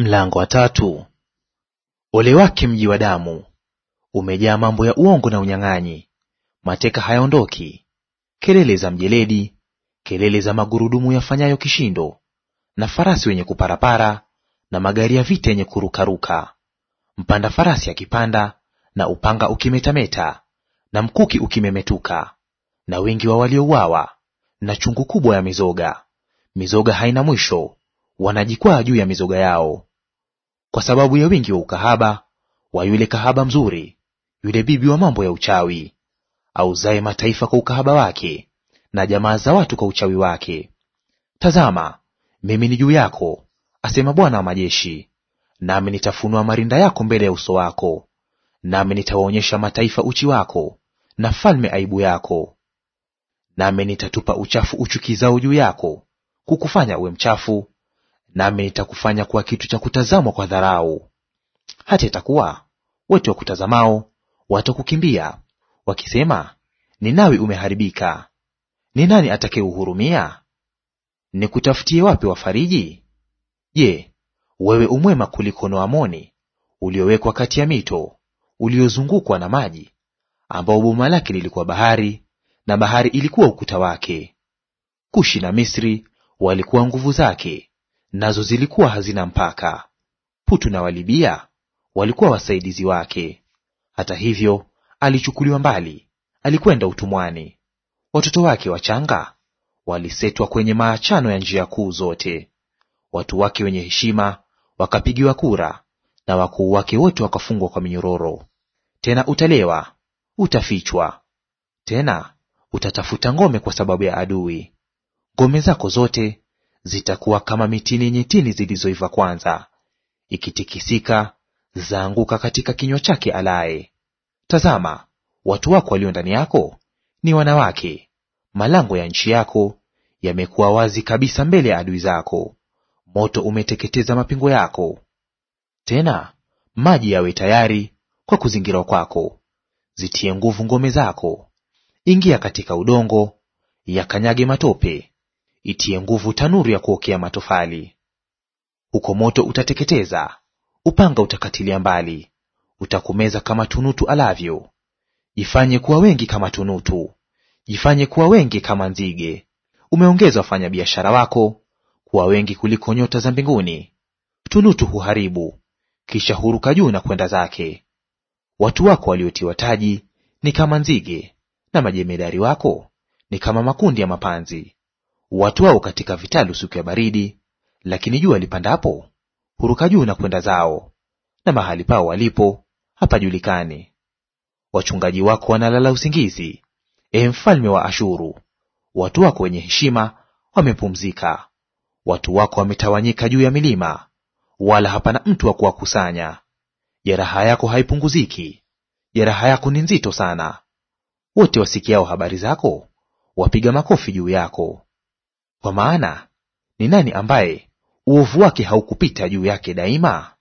Mlango wa tatu. Ole wake mji wa damu, umejaa mambo ya uongo na unyang'anyi. Mateka hayaondoki, kelele za mjeledi, kelele za magurudumu yafanyayo kishindo, na farasi wenye kuparapara, na magari ya vita yenye kurukaruka, mpanda farasi akipanda, na upanga ukimetameta, na mkuki ukimemetuka, na wengi wa waliouawa, na chungu kubwa ya mizoga. Mizoga haina mwisho, wanajikwaa juu ya mizoga yao kwa sababu ya wingi wa ukahaba wa yule kahaba mzuri, yule bibi wa mambo ya uchawi, auzaye mataifa kwa ukahaba wake, na jamaa za watu kwa uchawi wake. Tazama, mimi ni juu yako, asema Bwana wa majeshi, nami nitafunua marinda yako mbele ya uso wako, nami nitawaonyesha mataifa uchi wako, na falme aibu yako. Nami nitatupa uchafu uchukizao juu yako, kukufanya uwe mchafu, nami nitakufanya kuwa kitu cha kutazamwa kwa dharau. Hata itakuwa wote wa kutazamao watakukimbia wakisema, Ninawi umeharibika, ni nani atakayeuhurumia? Nikutafutie wapi wafariji? Je, wewe umwema kuliko Noamoni uliowekwa kati ya mito, uliozungukwa na maji, ambao boma lake lilikuwa bahari na bahari ilikuwa ukuta wake. Kushi na Misri walikuwa nguvu zake, nazo zilikuwa hazina mpaka. Putu na Walibia walikuwa wasaidizi wake. Hata hivyo, alichukuliwa mbali, alikwenda utumwani. Watoto wake wachanga walisetwa kwenye maachano ya njia kuu zote. Watu wake wenye heshima wakapigiwa kura, na wakuu wake wote wakafungwa kwa minyororo. Tena utalewa, utafichwa, tena utatafuta ngome kwa sababu ya adui. Ngome zako zote zitakuwa kama mitini yenye tini zilizoiva kwanza, ikitikisika zaanguka katika kinywa chake alaye. Tazama, watu wako walio ndani yako ni wanawake; malango ya nchi yako yamekuwa wazi kabisa mbele ya adui zako. Moto umeteketeza mapingo yako, tena maji yawe tayari kwa kuzingirwa kwako. Zitie nguvu ngome zako, ingia katika udongo, yakanyage matope itie nguvu tanuru ya kuokea matofali. Huko moto utateketeza, upanga utakatilia mbali, utakumeza kama tunutu alavyo. Jifanye kuwa wengi kama tunutu, jifanye kuwa wengi kama nzige. Umeongeza wafanyabiashara wako kuwa wengi kuliko nyota za mbinguni. Tunutu huharibu, kisha huruka juu na kwenda zake. Watu wako waliotiwa taji ni kama nzige, na majemedari wako ni kama makundi ya mapanzi watu wao katika vitalu siku ya baridi, lakini jua lipandapo huruka juu na kwenda zao, na mahali pao walipo hapajulikani. Wachungaji wako wanalala usingizi, e mfalme wa Ashuru; watu wako wenye heshima wamepumzika. Watu wako wametawanyika juu ya milima, wala hapana mtu wa kuwakusanya. Jeraha yako haipunguziki, jeraha yako ni nzito sana. Wote wasikiao habari zako wapiga makofi juu yako. Kwa maana ni nani ambaye uovu wake haukupita juu yake daima?